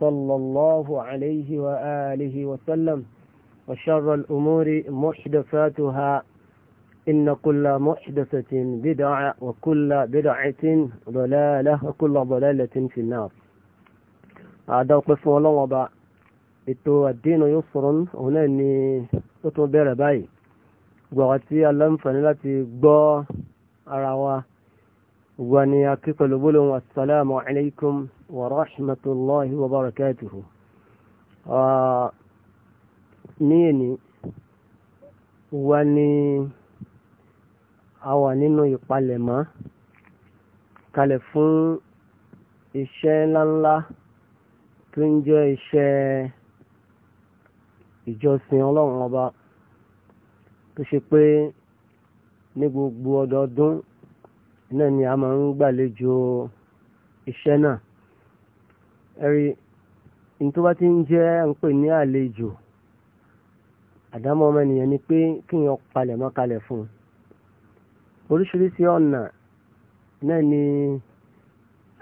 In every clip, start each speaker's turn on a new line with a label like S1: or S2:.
S1: صلى الله عليه وآله وسلم وشر الأمور محدثاتها إن كل محدثة بدعة وكل بدعة ضلالة وكل ضلالة في النار هذا وقف ولوضع ètò àdínà yóò sọ̀rọ̀ òun náà ni ó tún bẹ̀rẹ̀ báyìí gbọ̀wá tí aláǹfààní wa ni a kí pẹ̀lú gbólóhùn assalamu alaikum wa rahmatulahi wa barakatuhu ah, ní èní wa ni a wà nínú ìpalẹ̀mọ́ kalẹ̀ fún iṣẹ́ ńláńlá tó ń jẹ́ iṣẹ́ ìjọsìn ọlọ́run ọba tó ṣe pé ní gbogbo ọdọọdún náà ni a máa ń gbàlejò iṣẹ́ náà ẹ̀rí tó bá ti ń jẹ́ ń pè ní àlejò àdámọ́ ọmọ ènìyàn ni pé kíyàn palẹ̀ mọ́ kalẹ̀ fún un oríṣiríṣi ọ̀nà náà ni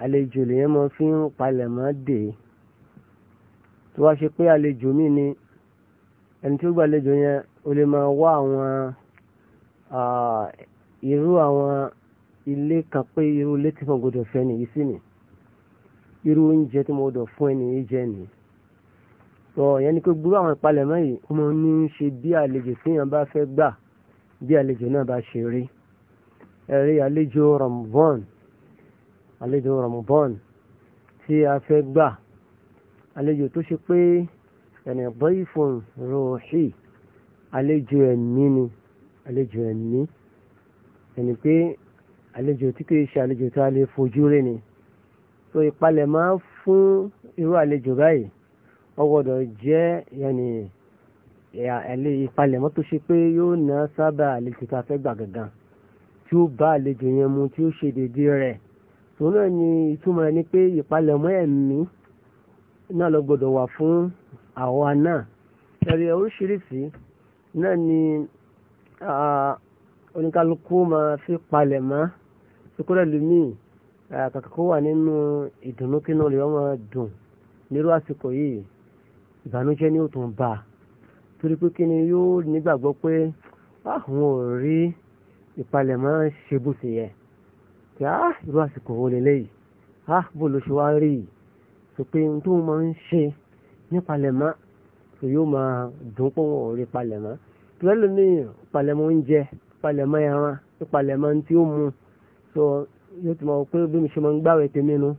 S1: àlejò lèyàn máa fi ń palẹ̀ mọ́ dè tó wá ṣe pé àlejò mi ni ẹni tí ó gbàlejò yẹn o lè máa wá àwọn irú àwọn ilé kan pé irú ilé tí mo gbọdọ̀ fẹ́ nìyí sí ni irú oúnjẹ tí mo gbọdọ̀ fún ẹni yìí jẹ nìyí sọ ìyẹn ni pé gbúrú àwọn ìpalẹ̀mọ́ yìí ó máa ní í ṣe bí àlejò téèyàn bá fẹ́ gbà bí àlejò náà bá ṣe rí ẹ̀rí àlejò Ramadan àlejò Ramadan tí a fẹ́ gbà àlejò tó ṣe pé ẹ̀nì bọ́ìfọ̀n rọ̀ọ̀ṣì àlejò ẹ̀mí ni àlejò ẹ̀mí ẹ̀nì pé àlejò tí kìí ṣe àlejò tí a lè fojú rí ni so ìpalẹ̀ máa fún irú àlejò báyìí ó gbọ́dọ̀ jẹ́ yẹnì ìpalẹ̀ mọ́ tó ṣe pé yóò ná sábà àlejò tí a fẹ́ gbà gangan tí ó bá àlejò yẹn mu tí ó ṣe dédé rẹ̀ tòun náà ni ìtumọ̀ rẹ̀ ni pé ìpalẹ̀mọ́ ẹ̀mí náà lọ gbọ́dọ̀ wà fún àwa náà ẹ̀rí oríṣiríṣi náà ni oníkálukú máa fi palẹ̀ mọ́ sukúrẹ́ lumi kàkà kó wà nínú ìdùnnú kínú rẹ̀ ọmọ dùn nírú àsìkò yìí ìbànújẹ́ ni ó tún bá torí pé kí ni yóò nígbàgbọ́ pé àwọn ò rí ìpalẹ̀mọ́ ṣe bó ṣe yẹ kí á irú àsìkò wo leléyìí á bó ló ṣe wá rí i sọ pé n tó máa ń ṣe nípalẹ̀mọ́ tó yóò máa dùn pọ̀ wọn ò rí ìpalẹ̀mọ́ tó lẹ́lòmíì ìpalẹ̀mọ́ oúnjẹ palẹ̀mọ́ ẹran tó palẹ̀mọ́ tí ó mu so yóò ti mọ̀ pé bí mi ṣe máa ń gbàwẹ̀ tèmi nu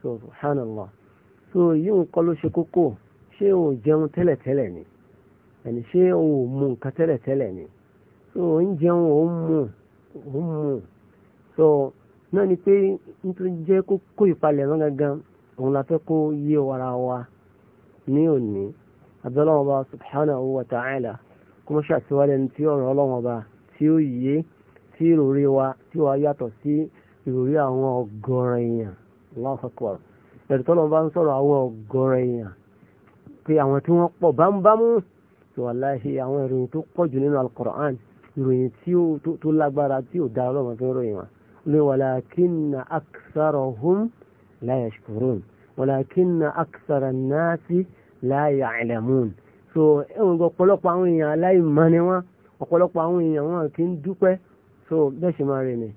S1: so subhanallah so yìí nǹkan ló ṣe kókó ṣé o jẹun tẹ́lẹ̀tẹ́lẹ̀ ni ẹni ṣé o mu nǹkan tẹ́lẹ̀tẹ́lẹ̀ ni so o ń jẹun o ń mu o ń mu so náà ni pé nítorí jẹ́ kókó ìpalẹ̀mọ́ gangan òun la fẹ́ kó yé wara wa ní òní abdullahi wa subhanahu wa ta'ala kó mọ́ ṣàtiwálẹ̀ ní tí ọ̀rọ̀ ọlọ́wọ́n ba tí ó yé tí ìròrí wa tí wàá yàtọ̀ sí ìròrí àwọn ọ̀gọ̀rọ̀ èèyàn lọ́sọ̀kọ̀ ẹ̀rù tọ́lọ́ bá ń sọ̀rọ̀ àwọn ọ̀gọ̀rọ̀ èèyàn pé àwọn tí wọ́n pọ̀ bámúbámú tí wàá láṣẹ àwọn ìròyìn tó pọ̀ jù nínú alukoran ìròyìn tí ó tó lágbára tí ò dára lọ́mọ tó ń ròyìn wa ní wàlákínà aksarahum la yashkurun wàlákínà aksara nasi la ya'lamun so ẹ̀wọ̀n gbọ́ pọ̀lọpọ̀ àwọn èèyàn aláìmọ́ ni ọ̀pọ̀lọpọ̀ àwọn èèyàn wọn kì í dúpẹ́ so bẹ́ẹ̀ ṣe máa rìn ní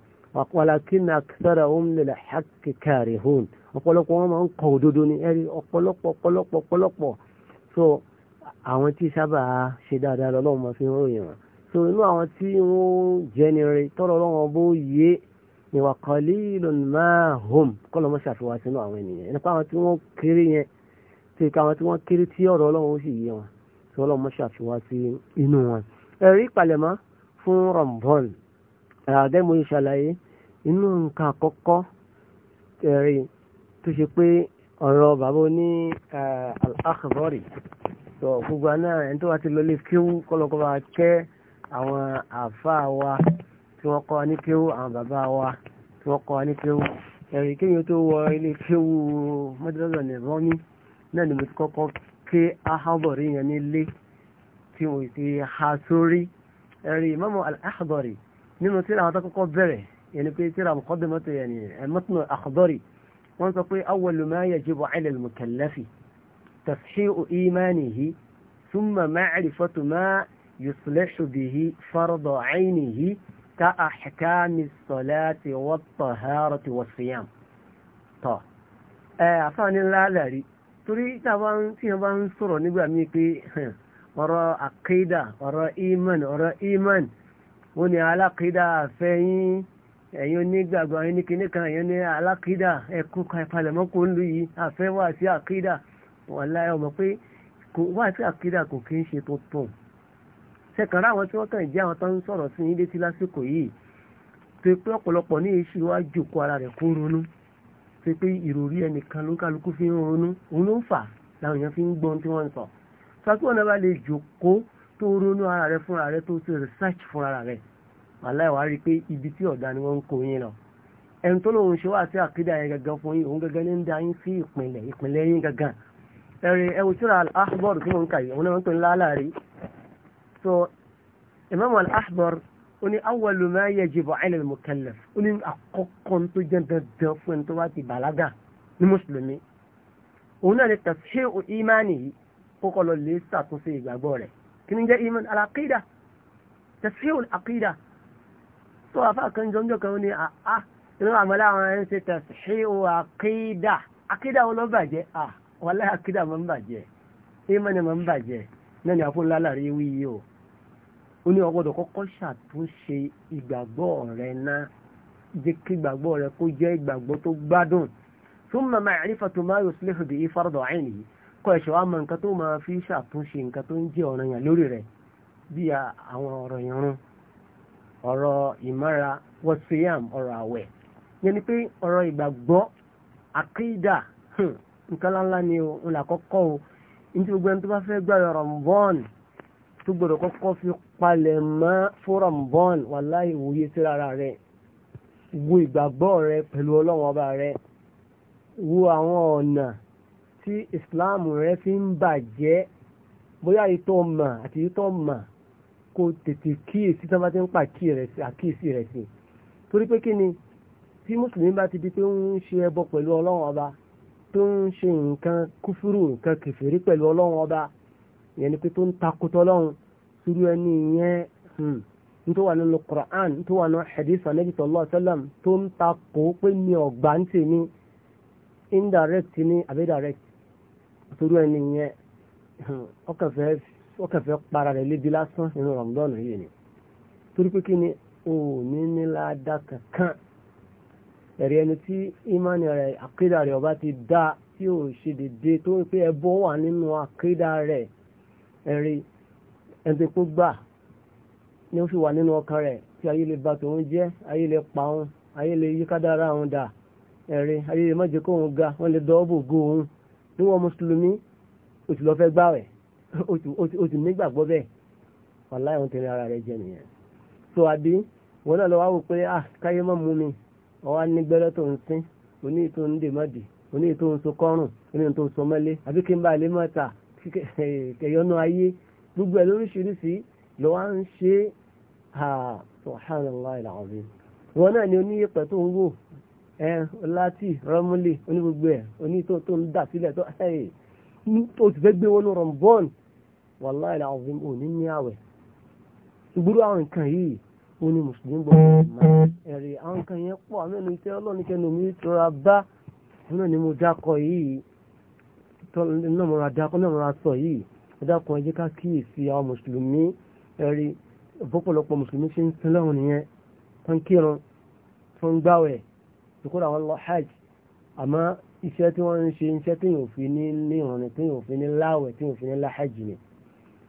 S1: walakin aktharahum lil haqqi karihun ọ̀pọ̀lọpọ̀ wọn máa ń kọ òdodo ní ẹ̀rí ọ̀pọ̀lọpọ̀ ọ̀pọ̀lọpọ̀ ọ̀pọ̀lọpọ̀ so àwọn tí sábà ṣe dáadáa lọ́wọ́ máa fi ń ròyìn wọn so inú àwọn tí wọ́n jẹni rẹ tọ́lọ́ lọ́wọ́ bó yé ni wa qalilun ma hum kọ́lọ́ mọ́ ṣàfihàn sínú àwọn ènìyàn nípa àwọn tí wọ́n kéré yẹn tí àwọn tí wọ́n kéré tí ọ̀rọ̀ ọlọ́run ó sì yé wọn ẹ̀rí ìpalẹ̀mọ́ fún Ramadan àdẹ́mu ìṣàlàyé inú nǹkan àkọ́kọ́ ẹ̀rí tó ṣe pé ọ̀rọ̀ bàbá oní al-akhbari tó gbogbo àná ẹni tó wá ti lọlé kíw kọ́lọ́kọ́ bá kẹ́ àwọn àfáà wa tí wọ́n kọ́ wa ní kíw àwọn bàbá wa tí wọ́n kọ́ wa ní kíw ẹ̀rí kéèyàn tó wọ ilé kíw mọ́tò lọ́dọ̀ nìrọ́mí náà ni mo ti kọ́kọ́ ké ahọ́bọ̀rí yẹn nílé tí wọ́n ti ha sórí ẹ̀rí Imam al-Akhdari nínú tíra àwọn akọ́kọ́ bẹ̀rẹ̀ yẹni pé tíra muqaddimatu yẹni al-matn al-Akhdari wọ́n sọ pé awwalu ma yajibu ala al-mukallafi tashihu imanihi thumma ma'rifatu ma yuslihu bihi farda aynihi ka ahkami salati wa taharati ọ̀rọ̀ àkídà ọ̀rọ̀ iman ọ̀rọ̀ iman wọ́n ní alákídà fẹ́yìn ẹ̀yin onígbàgbọ́ ẹ̀yin nìkíní kan ẹ̀yin ní alákídà ẹ̀kú kan ìpalẹ̀mọ́kò ń lu yìí àfẹ́ wà sí àkídà wallahi ọmọ pé wà sí àkídà kò kí ń ṣe tuntun sẹ́kànrá àwọn tí wọ́n kàn jẹ́ àwọn tó ń sọ̀rọ̀ sí ilé tí lásìkò yìí tó pé ọ̀pọ̀lọpọ̀ ní èṣù wá jòkó ara rẹ̀ kó ronú tó pé ìròrí ẹnìkan ló kálukú fi ń ronú òun ló ń fà láwọn èèyàn fi ń gbọ́n tí wọ́n ń sọ sàtúwò náà bá lè jòkó tó ronú ara rẹ fúnra rẹ tó ṣe research fúnra rẹ aláìwá rí i pé ibi tí ọ̀dà ni wọ́n ń kó yín lọ ẹni tó lóun ṣe wá sí àkídà yẹn gangan fún yín òun gangan ní ń da yín sí ìpínlẹ̀ ìpínlẹ̀ yín gangan ẹ̀rì ẹ̀wù tíra al-ahbar tí mo ń kà yìí òun náà ń pè ńlá láàrí so imam al-ahbar ó ní awwalu ma yajibu ala al-mukallaf ó ní àkọ́kọ́ tó jẹ́ dandan fún ẹni tó bá ti bàlágà ní mùsùlùmí òun náà ní tashihu kókó lọ lè ṣàtúnṣe ìgbàgbọ́ rẹ̀ kí ni jẹ́ iman alaqida tẹ̀síhùn àkídà tó àfáà kan jọmjọ kan ní àá ah, ah, inú àmàlà àwọn ẹni ṣe tẹ̀síhùn àkídà àkídà wọn lọ bàjẹ́ à wàlá àkídà mọ̀ ń bàjẹ́ iman mọ̀ ń bàjẹ́ náà ni àfún lálàrí wí yìí o ó ní ọgbọ́dọ̀ kọ́kọ́ ṣàtúnṣe ìgbàgbọ́ rẹ̀ náà jẹ́ kí ìgbàgbọ́ rẹ̀ kó jẹ́ ìgbàgbọ́ tó gbádùn thumma ma'rifatu ma yuslihu bihi fardu 'ainihi kọ́ ẹ̀ṣọ́ àmọ́ nǹkan tó máa fi ṣàtúnṣe nǹkan tó ń jẹ́ ọ̀ràn yàn lórí rẹ̀ bí àwọn ọ̀rọ̀ ìrun ọ̀rọ̀ ìmára wọ́síyàm ọ̀rọ̀ àwẹ̀ yẹn ni pé ọ̀rọ̀ ìgbàgbọ́ àkídà nǹkan láńlá ni o ńlá kọ́kọ́ o ní ti gbogbo ẹni tó bá fẹ́ gbà Ramadan tó gbọdọ̀ kọ́kọ́ fi palẹ̀ mọ́ fún Ramadan wàláhì wòye sí ara rẹ̀ wo ìgbàgbọ́ rẹ pẹ̀lú Ọlọ́run ọba rẹ wo àwọn ọ̀nà tí islam rẹ fi ń bàjẹ́ bóyá ìtọ́ mà àti ìtọ́ mà kó tètè kíyèsí tí wọ́n bá ti ń pa àkíyèsí rẹ̀ sí torí pé kí ni tí mùsùlùmí bá ti di pé ń ṣe ẹbọ pẹ̀lú ọlọ́run ọba tó ń ṣe nǹkan kúfúrú nǹkan kẹfìrí pẹ̀lú ọlọ́run ọba ìyẹn ni pé tó ń takotọ́ ọlọ́run sírú ẹni ìyẹn hmm, tó wà nínú Qur'an tó wà nínú hadith anabi sallallahu alaihi wasallam tó ń takò pé mi ọ̀gbà ń tèmi indirect ni àbí direct torí ẹni yẹn ọkàfẹ́ para rẹ̀ lébi lásán nínú rọ̀mùdọ́nù yìí ni torí pé kí ni o ní nílá dá kankan ẹ̀rí ẹni tí ìmánì rẹ̀ àkídà rẹ̀ ọba ti dá tí ò ṣe dédé tó pé ẹbọ wà nínú àkídà rẹ̀ ẹ̀rí ẹni tó gbà ni ó fi wà nínú ọkàn rẹ̀ tí ayé lè ba tòun jẹ́ ayé lè pa òun ayé lè yíká dára òun dà ẹ̀rí ayé lè má jẹ́ kóun ga wọ́n lè dọ́ọ́bò go òun tí wọ́n mùsùlùmí o ti lọ fẹ́ gbàwẹ̀ o ti nígbàgbọ́ bẹ́ẹ̀ wàláhì wọn tẹ̀lé ara rẹ jẹ nìyẹn so àbí wọn náà lọ wá wò pé ah káyé má mú mi ọwọ́ á ní gbẹ́rẹ́ tó ń sín oní ètò ń dè má dì oní ètò ń so kọ́rùn oní ètò ń so mọ́lé àbí kí n bá lè má ta kẹyọ́nú ayé gbogbo ẹ̀ lóríṣiríṣi lọ wá ń ṣe subhanallah alazim wọn náà ni oníyẹ̀pẹ̀ tó ń wò láti rọmúlì onígbogbo ẹ̀ oní tó tó ń dà sílẹ̀ tó ẹ̀ tó ti fẹ́ gbé wọnú rọmbọ́n wàláì làwọn òní ní àwẹ̀ ìgbúrú àwọn nǹkan yìí ó ní mùsùlùmí gbọ́dọ̀ máa ẹ̀rí àwọn nǹkan yẹn pọ̀ àmì ẹnu iṣẹ́ ọlọ́run kẹnu mi rọra bá náà ni mo dákọ yìí náà mo ra dákọ náà mo ra sọ yìí mo dákọ ẹ ká kíyèsí àwọn mùsùlùmí ẹ̀rí ọ̀pọ̀lọpọ̀ mùsùlùmí ṣe ń sin lọ́run nìyẹn tó ń kírun tó ń gbáwẹ̀ ìkúrò àwọn lọ hajj àmọ́ iṣẹ́ tí wọ́n ń ṣe iṣẹ́ tí yóò fi ní ní ìrànlẹ̀ tí yóò fi ní láwẹ̀ tí yóò fi ní láhajj ni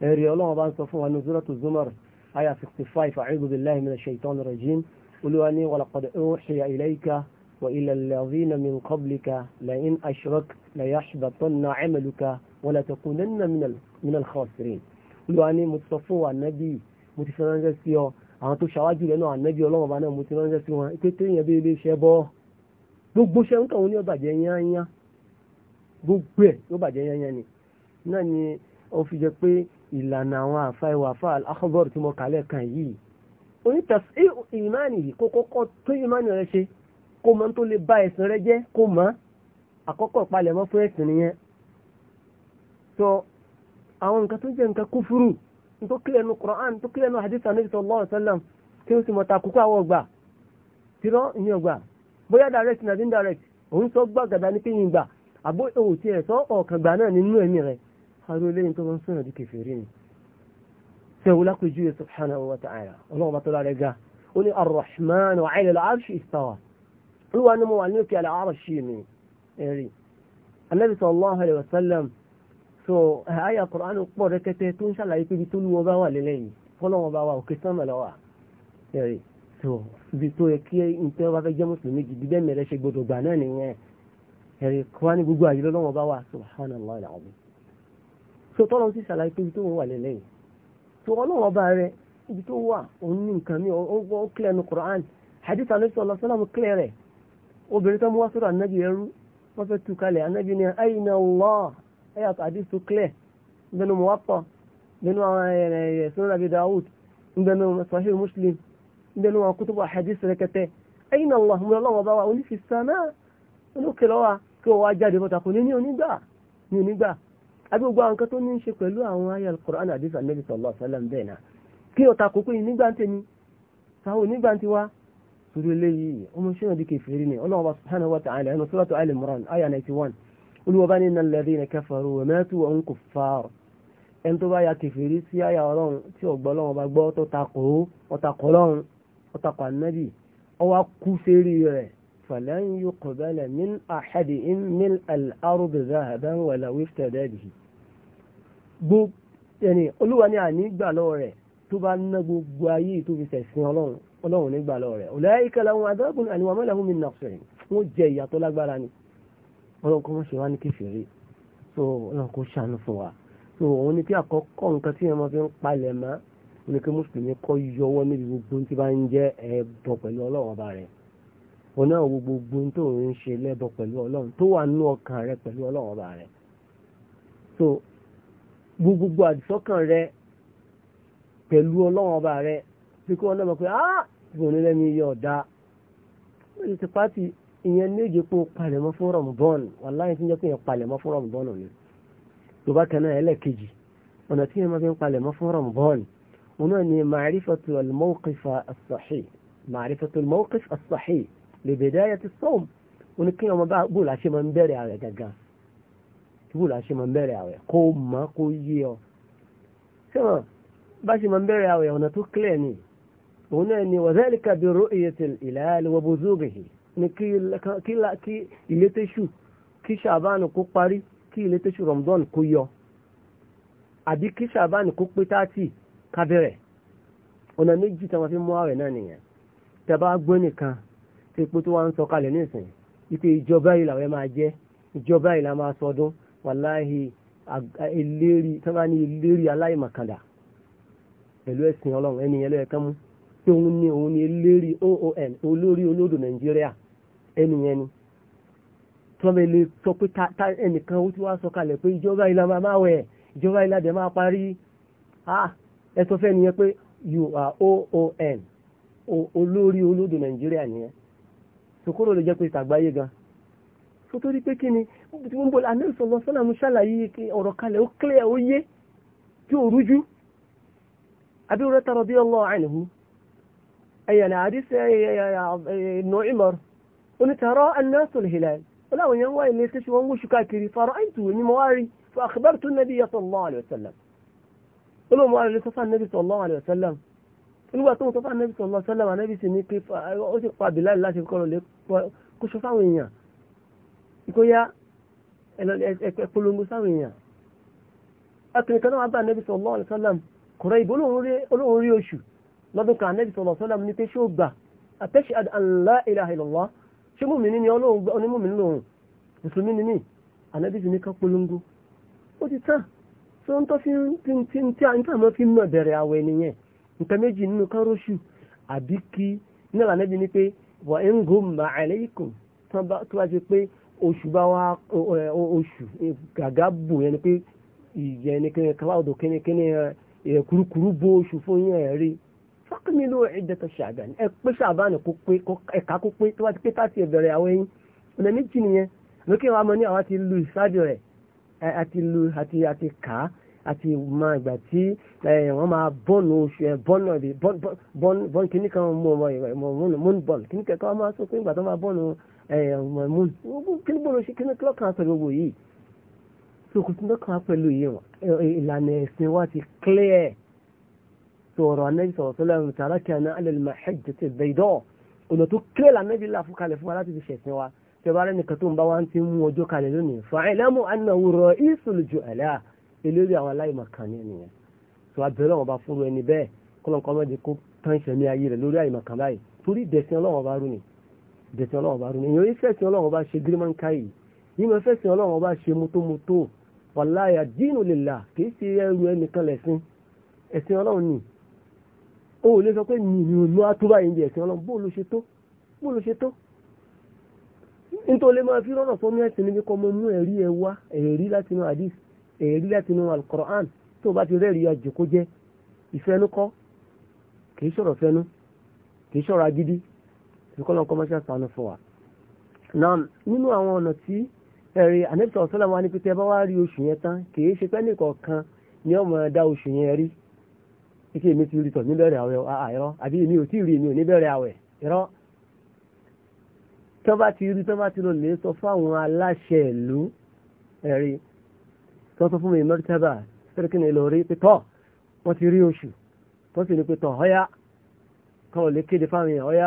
S1: ẹ̀rí ọlọ́run bá ń sọ fún wa ní zúrọ́tù zumar aya 65 a'udhu billahi minash shaitani rajim olúwa ní walaqad uhiya ilayka wa ila alladhina min qablika la in ashrak la yahbatanna 'amaluka wa la takunanna min al-khasirin olúwa ní mo sọ fún wa nábì mo ti fẹ́ ránṣẹ́ sí ọ àwọn tó ṣàwájú rẹ̀ náà ànábì gbogbo ṣe ń tọ̀hún ní ó ya yányá gbogbo ẹ̀ ló bàjẹ́ yányá ni náà ni ó fi jẹ pé ìlànà àwọn àfa ìwà àfa tí mo kàlẹ̀ kan yìí onítàsí ìmánì kó kọ́kọ́ tó ìmánì rẹ ṣe kó mọ tó lè bá ẹ̀sìn rẹ jẹ́ kó mọ àkọ́kọ́ fún ẹ̀sìn nìyẹn àwọn nǹkan tó jẹ́ nǹkan kúfúrú tó kílẹ̀ nu Qur'an tó kílẹ̀ nu hadith anabi sallallahu bóyá direct nàbí direct، òun sọ gbàgàdà ní kéyìn gbà àbó òun tiẹ̀ sọ ọ̀kan gbà náà nínú ẹ̀mí rẹ̀ aró lẹ́yìn tó wọ́n sọ̀rọ̀ di kèfèrí ni. sẹ́wó lápẹjú yẹn subhanahu wa ta'ala ọlọ́run bá tó lára ga ó ní arrahman wa ala al-arsh istawa olúwa ni mo wà ní òkè al-arsh mi ẹ̀rí anabi sallallahu alayhi wa sallam so àyà Qur'an pọ̀ rẹ́kẹ́tẹ́ tó ń ṣàlàyé pé ibi tó lúwọ́ bá wà lélẹ́yìn fọlọ́wọ́ bá wà òkè sánmà so ibi tó yẹ kí nǹkan wá fẹ́ jẹ́ mùsùlùmí gidi bẹ́ẹ̀ mẹ́rẹ́ ṣe gbọdọ̀ gbà náà nìyẹn ẹ̀rẹ̀ kọ́ ní gbogbo àyè lọ́wọ́ bá wà subhanallah alazim so tọ́lọ́ sì ṣàlàyé pé ibi tó wà lẹ́lẹ́yìn so ọlọ́wọ́ bá rẹ ibi tó wà òun ní nǹkan mi ó kílẹ̀ nu Qur'an hadith anabi sallallahu alaihi wasallam kílẹ̀ rẹ̀ obìnrin tó mú wá sọ́dọ̀ anabi ẹrú wọ́n fẹ́ tu kalẹ̀ nínú àwọn kútùbù àhàdís rẹ̀kẹ̀tẹ̀ ẹ̀yìn àwọn ọmọ ọlọ́wọ́ bá wa onífi sàmà olókè lọ́wà kí wọ́n wá jáde bọ́ta kò ní ní onígbà ní onígbà àbí gbogbo àwọn kan tó ní í ṣe pẹ̀lú àwọn ayé alukur'an àdìsá nabi sallallahu alaihi wasallam bẹ́ẹ̀ náà kí ọ̀tà kókó yìí nígbà ń tẹ̀mí sáwọn onígbà ń tiwa torí eléyìí ọmọ iṣẹ́ náà di kèfèrí ni ọlọ́wọ́ subhanahu wa ta'ala ẹnu suratu al-imran aya ninety one olùwọ́bá ní innal kafaru wa matu wa hum ẹni tó bá ya kèfèrí sí aya ọlọ́run tí ọ̀gbọ́ ọlọ́run bá gbọ́ tó takò ó ọ̀takò ọlọ́run ọ̀tàkà ànábì ọwọ́ kú sérí rẹ̀ falan yuqbala min ahadin min al-ardi dhahaban wala iftada bihi gbogbo ẹni olúwa ní ànígbà lọ́wọ́ rẹ̀ tó bá ná gbogbo ayé tó fi ṣẹ̀sìn ọlọ́run ọlọ́run nígbà lọ́wọ́ rẹ̀ ulaika lahum adhabun alim wa ma lahum min nasirin wọ́n jẹ ìyà tó lágbára ni ọlọ́run kọ́ wọ́n ṣe wá ní kẹfìrí so ó ní kí mùsùlùmí kọ́ yọwọ́ níbi gbogbo tí bá ń jẹ́ ẹbọ pẹ̀lú ọlọ́run ọba rẹ̀ òun náà wo gbogbo tó ń ṣe lẹ́bọ pẹ̀lú ọlọ́run tó wà nú ọkàn rẹ pẹ̀lú ọlọ́run ọba rẹ̀ so gbogbo àdìsọ́kàn rẹ pẹ̀lú ọlọ́run ọba rẹ bí kí wọ́n náà mọ̀ pé ah ìbò ní lẹ́mi yọ ọ̀dà wọ́n ti ti pàtì ìyẹn méje pé o palẹ̀mọ́ fún rọ̀mùbọ́n wàláyé tí ń jẹ́ pé yẹn palẹ̀mọ́ fún rọ̀mùbọ́n ni tó bá kẹ́ náà ẹlẹ́ẹ̀kejì ọ̀nà tí yẹn máa fi ń palẹ̀mọ́ fún rọ̀mùbọ́n òun náà ni màrífàtú al-mawqif as-sahih màrífàtú al-mawqif as-sahih li bidayati as-sawm òun ni kí ọmọ bá bóòlù àṣẹ máa ń bẹ̀rẹ̀ àwẹ̀ gàgà bóòlù àṣẹ máa ń bẹ̀rẹ̀ àwẹ̀ kó mọ́ kó yé ọ. sẹ́wọ̀n bá ṣe máa ń bẹ̀rẹ̀ àwẹ̀ ọ̀nà tó kílẹ̀ ni òun náà ni wa dhalika bi ru'yati al-hilal wa buzughihi ni kí ilé tẹ́ṣù kí ṣàbánu kó parí Ramadan kó yọ àbí kí ṣàbánu kó pé kábẹ̀rẹ̀ ọ̀nà méjì tí wọ́n fi mú àwẹ̀ náà nìyẹn tẹ́bá gbọ́ nìkan tí ipò tó wà ń sọ kalẹ̀ nísìn ipò ìjọba yìí máa jẹ́ ìjọba yìí la máa sọdún wàláhì eléri tí ní eléri aláìmọ̀kànlá pẹ̀lú ẹ̀sìn ọlọ́run ẹni lọ́yẹ̀ kánmú tí òun ní òun ní eléri oon olórí olódò nàìjíríà ẹni ni sọ pé ẹnìkan ó ti wá sọ kalẹ̀ máa wẹ̀ ìjọba ẹ sọ fẹ́ nìyẹn pé you are oon olórí olódò nàìjíríà nìyẹn sòkòrò lè jẹ́ pé ìtàgbáyé gan so pé kí ni tí wọ́n ń bọ̀ anẹ́sọ̀ lọ sọ́nà ṣàlàyé ọ̀rọ̀ kalẹ̀ ó clear ó yé tí ò rújú abirata radiyallahu anhu ẹ̀yàn àdísẹ́ nọ́ìmọ̀r onítàrọ́ anẹ́sọ̀l hilal ọláwọ̀nyẹn wáyé lè ṣe ṣe wọ́n káàkiri fara àìtù ní mọ́wárí fún àkàbàrtún nàbí yàtọ̀ lọ́wọ́ olóòmù àrẹ sọfà nẹ́bí sallallahu alaihi wasallam nígbà tó ń sọfà nẹ́bí sallallahu alaihi wasallam nẹ́bí sì ní pé ó sì pa bìláì láti kọ́rọ̀ lé kó sọ fáwọn èèyàn ìkóyá ẹ̀pẹ̀polongo sáwọn èèyàn akìnrin kan náà bá nẹ́bí sallallahu alaihi wasallam kọ̀rọ̀ ìbò olóòrùn rí oṣù lọ́dún kan nẹ́bí sallallahu alaihi wasallam ní pé ṣé ó gbà àtẹ́ṣẹ́ an la ilaha illallah ṣé mú mi ní lòun mùsùlùmí ní ní ànẹ́bí ní ká polongo ó ti tán tó ń tó fi ń tí ń tí àmọ́ fi ń mọ̀ bẹ̀rẹ̀ àwẹ̀ nìyẹn nǹkan méjì nínú kárọ́ṣù àbí kí nílà níbi ni pé wà ń gò mà alaykum tó bá ṣe pé oṣù bá wá oṣù e, gàgá bù yẹn ni pé ìyẹn ni kíni kíláàdù kíni kíni e, kúrúkúrú bó oṣù fún yẹn rí fákìmílò ìdẹ́tọ̀ ṣàbàn ẹ pé ṣàbàn kó pé ẹ̀ka kó pé tó bá ti pé táti ẹ̀bẹ̀rẹ̀ àwẹ̀ yín ọ̀nà méjì nìyẹn lókè wa mọ ní àwa ti lu ìsáàdì rẹ̀ àti lu àti àti kà á àti mọ ìgbà tí wọ́n máa bọ́ọ̀nù oṣù ẹ̀ bọ́ọ̀nù ọ̀dẹ̀ bọ́ọ̀nù kìíní kan mú ọmọ ìwọ̀n moon ball kìíní kẹ̀kọ́ máa sọ pé ìgbà tó máa bọ́ọ̀nù moon kìíní bọ́ọ̀nù oṣù kìíní kílọ̀kan pẹ̀lú owó yìí tó kò tún lọ́kàn pẹ̀lú yìí ìlànà ẹ̀sìn wa ti clear sọ̀rọ̀ anábì sọ̀rọ̀ sọ́lá ìrùtàrà kí aná alẹ́ lè máa hẹ́jẹ̀ tẹ̀ bẹ̀ẹ́dọ̀ ọ̀nà tó clear lànà tẹbára nìkan tó ń bá wá ń ti mú ọjọ́ kalẹ̀ lónìí fàáìlẹ́mù anáwó rọ ìṣòlùjọ ẹ̀lá eléré àwọn aláìmọ̀kan ní ènìyàn tó abẹ́rẹ́ ọ̀bá fúnru ẹni bẹ́ẹ̀ kọ́lọ́nkọ́ mẹ́jẹ kó tán ìṣẹ̀mí ayé rẹ̀ lórí àìmọ̀kan báyìí torí dẹ̀sìn ọlọ́run ọba rú ni dẹ̀sìn ọlọ́run ọba rú ni èèyàn ìfẹ́sìn ọlọ́run ọba ṣe gírímọ̀nkáyì yìí mọ̀ fẹ́sìn ọlọ́run ọba ṣe mótómótó wàláyà dínú lèlà o ò ṣe tó nítorí máa fi rọ́nà fún mẹ́sì níbi kọ́ mọ́ mú ẹ̀rí ẹ wá ẹ̀rí látinú hadith ẹ̀rí látinú al-Qur'an tó bá ti rẹ́ẹ̀rí àjòkó jẹ́ ìfẹ́nukọ́ kìí sọ̀rọ̀ fẹ́nu kìí sọ̀rọ̀ agídí ìfikọ́lọ́ nǹkan máa ṣe àṣàánú fún wa. náà nínú àwọn ọ̀nà tí ẹ̀rí ànẹ́bìtì ọ̀sọ́lá wa ní pété bá wá rí oṣù yẹn tán kìí ṣe pẹ́ nìkọ̀ọ̀kan ni ó máa dá oṣù yẹn rí ike mi ti rí tọ̀ níbẹ̀rẹ̀ àwẹ̀ tán bá ti rí tán bá ti lọ lè sọ fáwọn aláṣẹ ìlú ẹ̀rí tán sọ fún mi mọ́tàbà sẹ́rẹ́kìnì lọ rí pé tọ́ wọ́n ti rí oṣù tán sì ní pé tọ́ ọ̀yá kan ò lè kéde fáwọn èèyàn ọ̀yá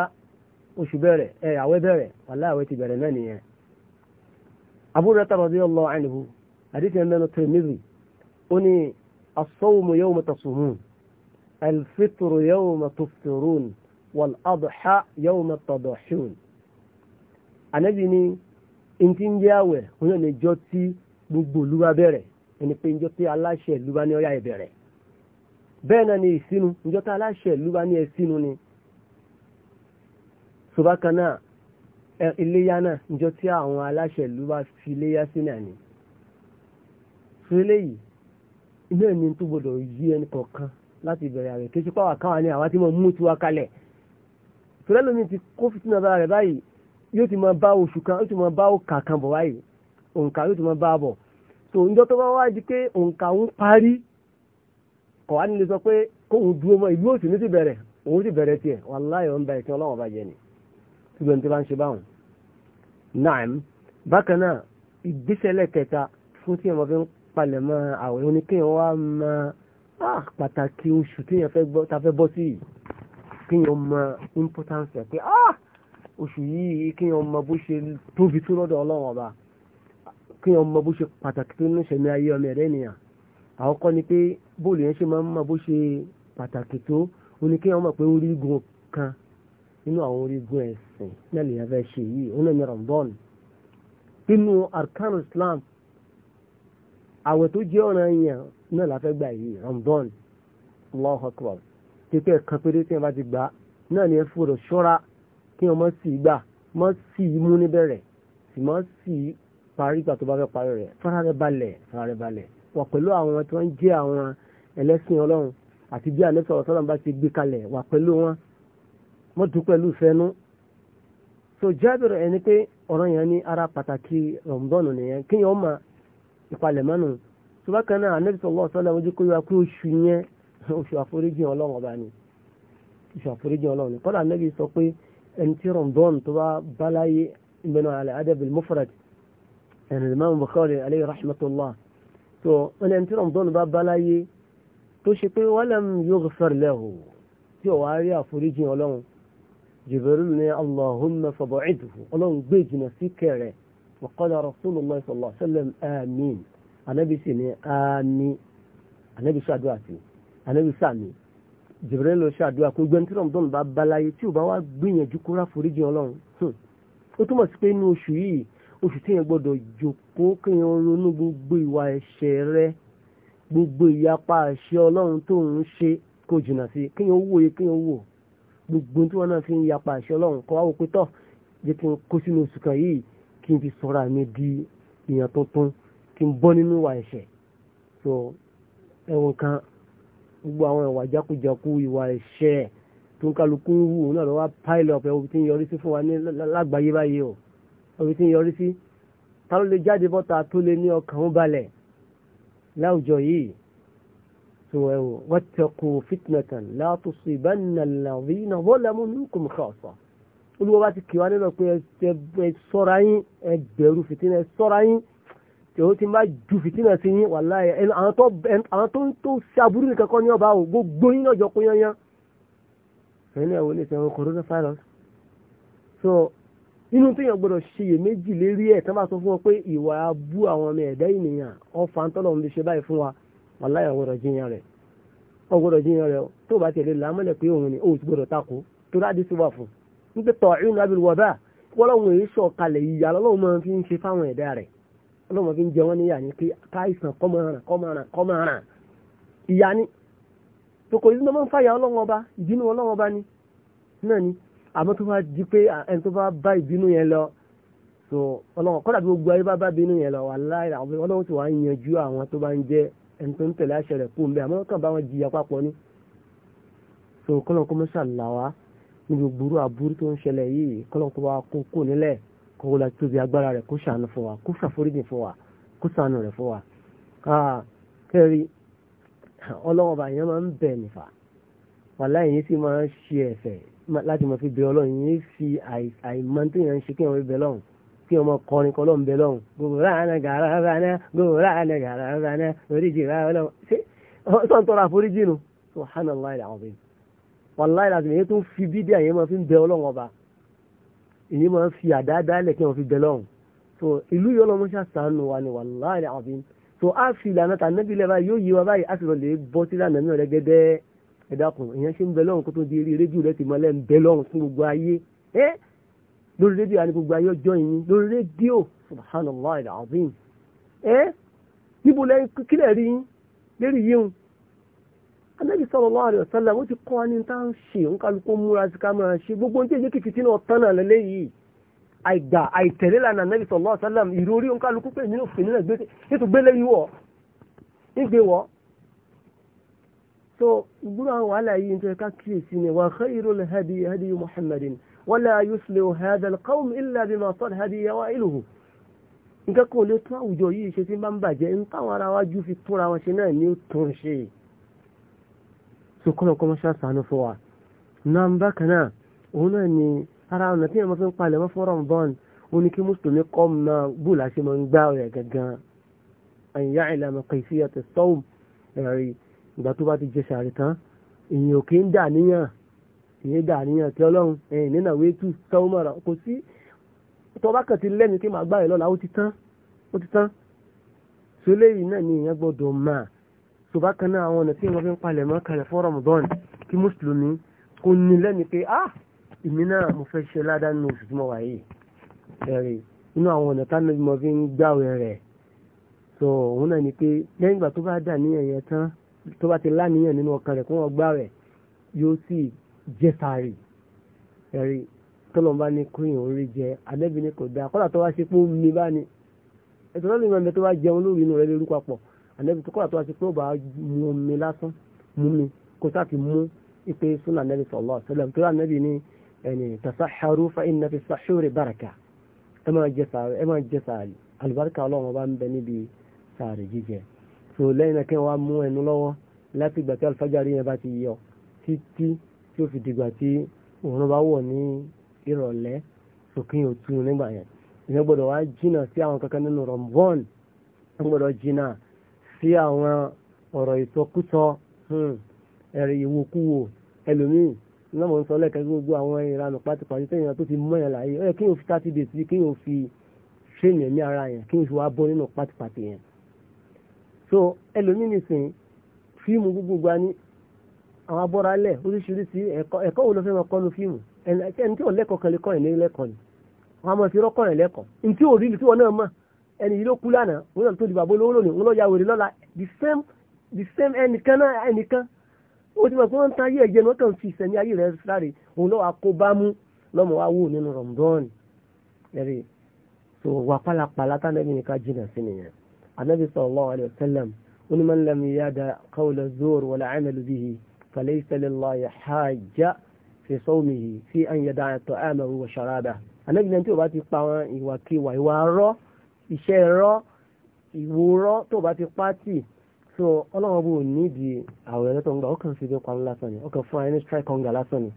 S1: oṣù bẹ̀rẹ̀ ẹ̀ àwẹ̀ bẹ̀rẹ̀ wàlá àwẹ̀ ti bẹ̀rẹ̀ náà nìyẹn. Abu Hurairah radiyallahu anhu àdìsí ẹ̀mẹ́nu Tirmidhi ó ní as-sawmu yawma tasumun al-fitru yawma tuftirun wal-adha yawma tadhahun ànábì ni n ti ń jẹ́ àwẹ̀ òun náà níjọ́ tí gbogbo ìlú bá bẹ̀rẹ̀ ẹni pé níjọ́ tí aláṣẹ ìlú bá ní ọ̀yà ìbẹ̀rẹ̀ náà ni ìsinu níjọ́ tí aláṣẹ ìlú bá ní ẹ̀sínu ni ṣùgbọ́n náà iléyá náà níjọ́ tí àwọn aláṣẹ ìlú bá fi iléyá sí náà ni ṣẹlẹ̀ yìí ilé ẹni tó gbọdọ̀ yí ẹni kọ̀ọ̀kan láti ìbẹ̀rẹ̀ rẹ̀ kí ṣe pàwọ̀ káwa ni àwa ti mọ̀ mú tiwa kalẹ̀ ṣẹlẹ̀ ti kó fìtínà bára rẹ̀ báyìí yóò ti máa bá oṣù kan yóò ti máa bá òǹkà kan bọ̀ wáyé òǹkà yóò ti máa bá bọ̀ tó ń jọ tó bá wá di pé òǹkà ń parí kọ̀ wá nílé sọ pé kóun dúró mọ́ ìlú òsì ní ti bẹ̀rẹ̀ òun ti bẹ̀rẹ̀ tiẹ̀ wàláyé ọ̀nba ẹ̀sìn ọlọ́wọ́n bá jẹ ni síbi ẹni tó bá ń ṣe báwọn. naam bákan náà ìgbésẹ̀ lẹ́kẹta fún tí ẹ̀mọ́ fi ń palẹ̀ mọ́ àwẹ̀ òní kéèyàn wá máa ah, pàtàkì oṣù tí èèyàn fẹ́ bọ́ sí kéèyàn mọ importance ẹ̀ pé ah oṣù yìí kí wọn mọ bó ṣe tóbi tó lọ́dọ̀ ọlọ́run ọba kí wọn mọ bó ṣe pàtàkì tó ní ṣẹ̀mí ayé ọmọ ẹ̀rẹ́ ènìyàn àkọ́kọ́ ni pé bóòlù yẹn ṣe máa ń mọ bó ṣe pàtàkì tó ó ní kí wọn pé orígun kan nínú àwọn orígun ẹ̀sìn náà lè yàgbẹ́ ṣe yìí ó náà ní Ramadan nínú arkanu Islam àwẹ̀ tó jẹ́ ọ̀ràn yẹn náà láfẹ́ gbà yìí Ramadan Allahu Akbar tètè kan péré tí wọn bá ti gbà náà ni ẹ fúrò ṣọ́ra kí wọ́n mọ́ sí gbà mọ́ sí imú níbẹ̀rẹ̀ sì mọ́ sí parí ìgbà tó bá fẹ́ parí rẹ̀ fara rẹ̀ balẹ̀ fara rẹ̀ balẹ̀ wà pẹ̀lú àwọn tí wọ́n jẹ́ àwọn ẹlẹ́sìn ọlọ́run àti bí àlẹ́ sọ̀rọ̀ sọ́lá bá ti gbé kalẹ̀ wà pẹ̀lú wọn wọ́n dùn pẹ̀lú fẹ́nu. so Jabir ẹni pé ọ̀rọ̀ yẹn ní ara pàtàkì rọ̀mùdọ́nù nìyẹn kí yẹn ó ma ìpalẹ̀mọ́nù tó bá kan náà àlẹ́ sọ̀rọ̀ sọ́lá wọn jẹ́ kó yọ pé ẹni tí rọ̀ǹdọ́n tó bá báláyé ìmẹ́nu àlẹ́ adẹ́bìl mufrad ẹni Imam Bukhari alayhi rahmatullah tó wọn ẹni tí rọ̀ǹdọ́n bá báláyé tó ṣe pé walam yughfar lahu tí ọ̀wá rí àforíjì ọlọ́run Jibril ní Allahumma fab'idhu ọlọ́run gbé jìnnà sí kẹrẹ̀ wa qala Rasulullah sallallahu alayhi wa sallam àmín anábìsì ní àmín anábìsì àdúrà sí anábìsì àmín Jibril lọ ṣàdúrà pé gbẹ́ntì rọ̀mùdọ́n bá balaye tí ò bá wá gbìyànjú kó ráforíjì ọlọ́run hmm. ó túmọ̀ sí pé inú oṣù yìí oṣù tí yẹn gbọ́dọ̀ jókòó kí yẹn ronú gbogbo ìwà ẹ̀ṣẹ̀ rẹ gbogbo ìyapa àṣẹ ọlọ́run tó ń ṣe kó jìnnà sí kí yẹn wòye kí yẹn wò gbogbo tí wọn náà fi ń yapa àṣẹ ọlọ́run kọ́ wáwò pé tọ́ kí n kó sínú oṣù kan yìí kí n fi sọ́ra mi di èèyàn tuntun kí n bọ́ nínú ìwà ẹ̀ṣẹ̀ so ẹ̀wọ̀n kan gbogbo àwọn ìwà jákujàku ìwà ẹ̀ṣẹ̀ tó ń kálukú ń wù náà lọ́wọ́ pile up ẹ̀wọ̀n tí ń yọrí sí fún wa ní lágbàáyé báyìí o ẹ̀wọ̀n tí ń yọrí sí ta ló lè jáde bọ́ta tó lè ní ọkàn ó balẹ̀ láwùjọ yìí tó ẹ̀wọ̀ wattaqu fitnatan la tusibanna alladhina zalamu minkum khassa olúwa bá ti kí wa nínú pé ẹ ṣọ́ra yín ẹ bẹ̀rù fìtínà ẹ ṣọ́ra yín yòó ti máa ju fìtínà sí yín wàláhì àwọn tó ń tó ṣe aburú nìkan kọ́ ní ọba o gbogbo yín náà jọ kó yányán ẹni ẹ̀wọ̀n ní ìṣẹ̀wọ̀n coronavirus so inú tó yàn gbọ́dọ̀ ṣiyè méjì lérí ẹ̀ tán bá sọ fún ọ pé ìwà abú àwọn ọmọ ẹ̀dá ènìyàn ọfà ń tọ́lọ̀ ń lè ṣe báyìí fún wa wàláhì ọgbọ́dọ̀ jiyàn rẹ̀ ọgbọ́dọ̀ jiyàn rẹ̀ tó bá tẹ̀lé làmọ́lẹ̀ pé òun ni òun ti gbọ́dọ̀ takò tó dáadé sí wà fún un nígbà tọ̀ ìrìn àbí wọ́dà wọ́lọ́hun èyí sọ̀kalẹ̀ ìyá lọ́lọ́hun máa fi ń ṣe fáwọn ẹ̀dá rẹ̀ ọlọ́mọ fi ń jẹ wọ́n níyà ní pé káìsàn kọ́mọ̀ràn kọ́mọ̀ràn kọ́mọ̀ràn ìyá ni tòkò ìdí máa ń fàyà ọlọ́wọ́n ọba ìbínú ọlọ́wọ́n ọba ni náà ni àmọ́ tó bá di pé ẹni tó bá bá ìbínú yẹn lọ so ọlọ́wọ́n kọ́dà bí gbogbo ayé bá bá ìbínú yẹn lọ wà láì ọlọ́wọ́n ti wà ń yanjú àwọn tó bá ń jẹ ẹni tó ń tẹ̀lé àṣẹ rẹ̀ kú so kọ́lọ́n kó mọ́ṣáláwá ní gbogbo àbúrú tó ń ṣẹlẹ̀ yìí kọ́lọ́n kó kó wọlé tóbi agbára rẹ̀ kó ṣàánú fún wa kó ṣàforíjì fún wa kó ṣàánú rẹ̀ fún wa. kẹ́rì ọlọ́wọ́ba yẹn máa ń bẹ̀ nìfà wàlá yìí sì máa ń ṣe ẹ̀fẹ̀ láti máa fi bẹ ọlọ́run yìí fi àìmọ́ tí yẹn ń ṣe kí wọ́n fi bẹ lọ́run kí ọmọ kọrin kọ́ lọ́n bẹ lọ́run gòrò àná gàrà rárá gòrò àná gàrà rárá oríjì rárá lọ́run ṣé ọ̀sán tọrọ àforíjì nu subhanallah alazim wàlá ìlàsìn yẹn tún fi bídí àyẹ̀mọ́ fi ń bẹ ọlọ́run ọba èyí máa ń fi àdáadáa lẹ̀ kí wọ́n fi bẹ̀ lọ́hùn so ìlú yìí ọlọ́mọ ṣàṣàánú wa ni wàláhì àbín so a fi ìlànà tà nẹ́bí lẹ́ba yóò yí wa báyìí a sì lọ lè bọ́ sí ìlànà náà rẹ́gẹ́dẹ́ ẹ̀dàkùn èèyàn ṣe ń bẹ lọ́hùn kó tó di eré rédíò rẹ ti mọ lẹ́ ń bẹ lọ́hùn fún gbogbo ayé ẹ́ lórí rédíò àni gbogbo ayé ọjọ́ yìí lórí rédíò subhanallah alazim ẹ́ níbo lẹ́yìn kílẹ̀ rí yín lérí yíhun anábì sallallahu alaihi wasallam ó ti kọ́ wa ní tá à ń ṣe òun kálukú múra sí ká máa ṣe gbogbo ní tí èyí kìkìtì náà tán náà lélẹ́ yìí àìgbà àìtẹ̀lé lànà anábì sallallahu alaihi wasallam ìrórí òun kálukú pé nínú òfin náà gbélé yìí wọ̀ nígbè wọ́ so gbúrò àwọn wàhálà yìí ń tẹ́ ká kíyèsí ni wa khairul hadi hadi muhammadin wala yuslihu hadha alqawm so kọ́nà kọ́ mọ́ṣá sànú fún wa náà bákan náà òun náà ni ara ọ̀nà tí èèyàn fi ń palẹ̀ mọ́ fún Ramadan ó ní kí mùsùlùmí kọ́ mọ bó la ṣe máa ń gbá ọ̀rẹ́ gangan an ya'lama kayfiyata as-sawm ẹ̀rí ìgbà tó bá ti jẹ sàárì tán èèyàn kì í dà níyàn ìyẹn dà níyàn kí ọlọ́run ẹ̀yìn nínà wé tù sọ́wọ́ mọ́ra kò sí ni èèyàn gbọ́dọ̀ máa so bákan náà àwọn ọ̀nà tí wọ́n fi ń palẹ̀ mọ́ kalẹ̀ fún Ramadan kí mùsùlùmí kò ní lẹ́ni pé ah ìmí náà mo fẹ́ ṣe ládàá nínú oṣù tí mo wà yìí ẹ̀rẹ̀ inú àwọn ọ̀nà táwọn ẹbí mo fi ń gbàwẹ̀ rẹ̀ so òun náà ni pé lẹ́yìn ìgbà tó bá dà níyàn yẹn tán tó bá ti láníyàn nínú ọkàn rẹ̀ kó wọ́n gbàwẹ̀ yóò sì jẹ́ sáré ẹ̀rẹ̀ tọ́lọ́mbá ní kúrìyàn orí jẹ alẹ́bí ni kò dáa kọ́lá tó wá ṣe pé ó mi bá ni ẹ̀tọ́ lọ́lọ́ ànẹ́bí tó kọ́ra tó wá sí pé ó bá mú mi lásán mú mi kó sáà ti mú ipe súnà ànẹ́bí sallallahu alaihi wasallam tó rà ànẹ́bí ní ẹni tasaharu fa inna fi sahuri baraka ẹ máa jẹ sàárì àlùbáríkà ọlọ́run ọba ń bẹ níbi sàárì jíjẹ so lẹ́yìn náà kí wọ́n á mú ẹnu lọ́wọ́ láti ìgbà tí alifájárí yẹn bá ti yọ títí tí ó fi dìgbà tí òun bá wọ̀ ní ìrọ̀lẹ́ sókè òtún nígbà yẹn ìyẹn gbọ́dọ̀ wá jìnnà sí àwọn kankan nínú rọ̀mbọ́n gbọ́dọ̀ jìnnà sí àwọn ọ̀rọ̀ ìsọkúsọ hmm, ẹ̀rì ìwòkúwò ẹlòmíì náà mọ̀ ń sọ lẹ́ẹ̀kan gbogbo àwọn ìranù pátipàti tẹ̀yìn tó ti mọ́ yẹn láàyè ó yẹ kí yóò fi thirty days sí kí yóò fi ṣéènì ẹ̀mí ara yẹn kí yóò fi wá bọ́ nínú pátipàti yẹn. so ẹlòmíì nìsín fíìmù gbogbo gba ní àwọn abọ́ralẹ̀ oríṣiríṣi ẹ̀kọ́ wo ló fẹ́ máa kọ́nu fíìmù ẹni tí ò lẹ́kọ̀ọ́ kan lè kọ́ ẹ̀ ní lẹ́kọ̀ọ́ ni wọ́n á máa fi rọ́kọ̀ rẹ̀ lẹ́kọ̀ọ́ ẹni yìí ló kú lánàá wọn náà tó di bàbá olówó lónìí wọn lọ ya wèrè lọ́la the same the same ẹnìkan náà ẹnìkan ó ti mọ̀ pé wọ́n ń ta ayé ẹ̀jẹ̀ ní wọ́n kàn fi ìsẹ̀mí ayé rẹ̀ sáré òun lọ́wọ́ akóbámú lọ́mọ wa wò nínú rọ̀mùdọ́ọ̀nì ẹ̀rí so wà pálapàla tánàbí nìkan jìnnà sí nìyẹn anabi sallallahu alayhi wa sallam wọn man yada qawla zoor wala amalu bihi falaysa lillahi hajja fi sawmihi fi an yada'a ta'amahu wa anabi náà tí o bá ti pa àwọn ìwàkiwà ìwà arọ́ iṣẹ́ ẹ̀rọ ìwòrán tó bá ti pátì so ọlọ́wọ́ bò nídìí àwẹ̀ ẹ̀rọ tó ń gbà ó kàn fi bí lásán ni ó fún ẹni strike hunger lásán ni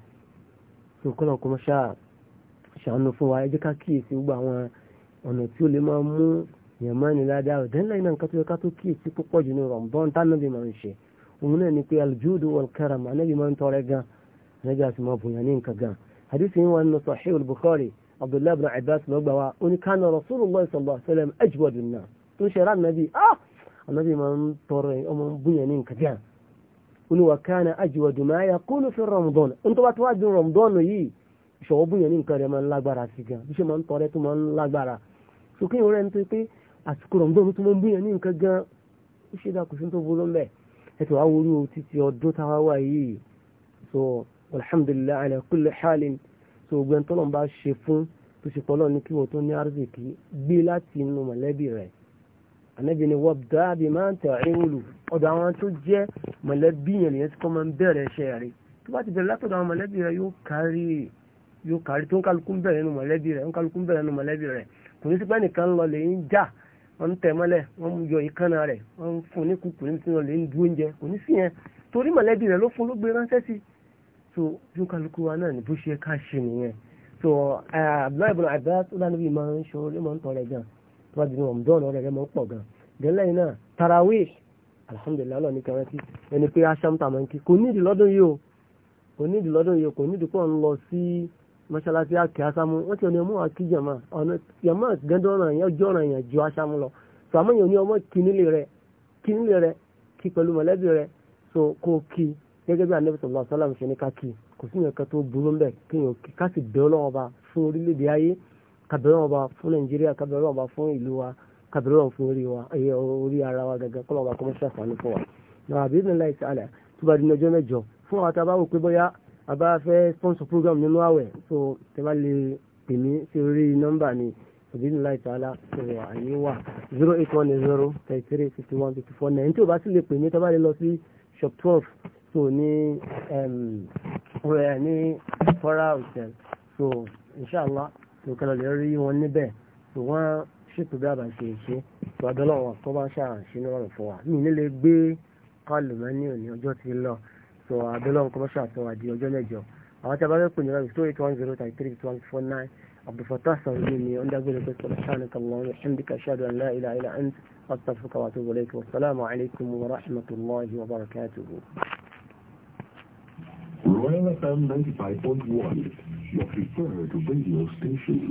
S1: so kọ́nà kó mọ́ ṣàánú fún wa ẹ jẹ́ ká kíyèsí gbogbo àwọn ọ̀nà tí ó lè máa mú yẹ̀mọ́ ni ládàá ọ̀dẹ́ ńlá iná nǹkan tó yẹ ká tó kíyèsí púpọ̀ jù ní rọ̀mbọ́n tánàbí máa ń ṣe òun náà ni pé aljudu wal karam anábì máa ń tọrẹ gan anábì àti máa bùnyàn abdullahi ibn abbas ló gbà wá ó ní kánà rasulullah sallallahu alaihi wasallam ajwadu náà tó ń ṣe rán nàbí ah ànàbí máa ń tọrọ ọmọ búyàn ní nǹkan bíyàn ó ní wà kánà ajwadu ma yakunu fi ramadan ń tó bá tó wá ju ramadan yìí ìṣọwọ́ búyàn ní nǹkan rẹ̀ máa ń lágbára sí gan bí ṣe máa ń tọrẹ tó máa ń lágbára sókè ìrẹ́ ní pé àsìkò ramadan tó máa ń búyàn ní nǹkan gan ó ṣe dà kò sí tó burú mbẹ́ ẹ̀ tó wá wúrú títí ọdún táwa wà yìí so alhamdulillah ala kulli halin so gbẹ́ni tọ́lọ̀ bá ṣe fún tó ṣe pọ́lọ́ ní kí wọ́n tó ní arzikì gbé láti inú mọ̀lẹ́bí rẹ̀ ànábì ni wọ́n dáàbì máa ń tẹ̀ ẹ̀rù ọ̀dọ̀ àwọn tó jẹ́ mọ̀lẹ́bí yẹn nìyẹn tí kò máa ń bẹ̀rẹ̀ iṣẹ́ rẹ̀ tó bá ti bẹ̀rẹ̀ látọ̀dọ̀ àwọn mọ̀lẹ́bí rẹ̀ yóò kárí yóò kárí tó ń kálukú bẹ̀rẹ̀ nínú mọ̀lẹ́bí rẹ̀ ń kálukú bẹ̀rẹ̀ nínú mọ̀lẹ́bí rẹ̀ kò ní sípẹ́ nìkan lọ lè ń jà wọ́n ń tẹ̀ mọ́lẹ̀ wọ́n yọ ìkànnà rẹ̀ wọ́n fún ní kúkú níbi tí wọ́n lè ń du oúnjẹ kò ní sí torí mọ̀lẹ́bí rẹ̀ ló fún ló gbé ránṣẹ́ sí i so bí kálukú wa náà ní bó ṣe ká ṣe nìyẹn so abdullahi ibn abbas ó lánàá bí máa ń ṣòro ló máa ń tọrẹ gan tó bá dínú ọmọdọ́ọ̀nù ọ̀rẹ́ rẹ máa ń pọ̀ gan gẹ́lẹ́ yìí náà tarawih alhamdulilayi ọlọ́ọ̀ni kẹrẹ́ sí ẹni pé aṣáǹtà máa ń kí kò nídìí lọ́dún yìí o kò nídìí lọ́dún yìí o kò nídìí pọ̀ ń lọ sí mọ́ṣáláṣí àkè aṣámú wọ́n ti ní ọmọ àkí jàmá ọ̀nà jàmá gẹ́dọ̀ ọ̀ràn yẹn ọjọ́ ọ̀ràn yẹn ju aṣámú lọ so àmọ́ yẹn ní ọmọ kínílé rẹ kínílé rẹ kí pẹ̀lú mọ̀lẹ́bí rẹ so kó kí gẹ́gẹ́ bí anabi sallallahu alaihi wasallam ṣe ní káàkì kò sí nǹkan tó burú mbẹ kéèyàn ká sì bẹ ba Ọba fún orílẹ̀-èdè ayé ká bẹ Ọlọ́run Ọba fún Nàìjíríà ká bẹ Ọlọ́run Ọba fún ìlú wa ká bẹ Ọlọ́run fún orí wa ẹyẹ orí ara wa gẹ́gẹ́ kọlọ Ọba kọmọṣẹ àfààní fún wa. náà àbí ní láì sàlẹ tó bá di ọjọ́ mẹ́jọ fún wa tá a so tẹ bá lè pè mí sí ni àbí ní láì sàlẹ tó àyè wà zero eight one zero thirty three fifty one fifty four nine tí o bá sì lè pè mí tá bá lè lọ sí shop twelve so ní rẹ̀ ní fọ́ra hotel so inshallah tó kẹlọ lè rí wọn níbẹ̀ so wọ́n ṣètò bí àbá ṣe ṣe tó abẹ́lọ́ wọn tó bá ṣàṣe ní ọ̀rọ̀ fún wa ní nílé gbé kọlù mọ́ ní òní ọjọ́ ti lọ so abẹ́lọ́ wọn kọ́ bá ṣàtọ́ wa di ọjọ́ mẹ́jọ àwọn tí a bá fẹ́ pè ní ọ̀rọ̀ two eight one zero thirty three two one four nine abdulfatah sọ̀rọ̀ ní ọ̀ndàgbẹ́lẹ̀ pẹ̀lú ṣáàlì kàwọn ẹ̀ndìkà ṣáàdù àlá ìlà ìlà ẹ̀ndì أستغفرك وأتوب إليك والسلام عليكم ورحمة الله وبركاته FM 95.1, your preferred radio station.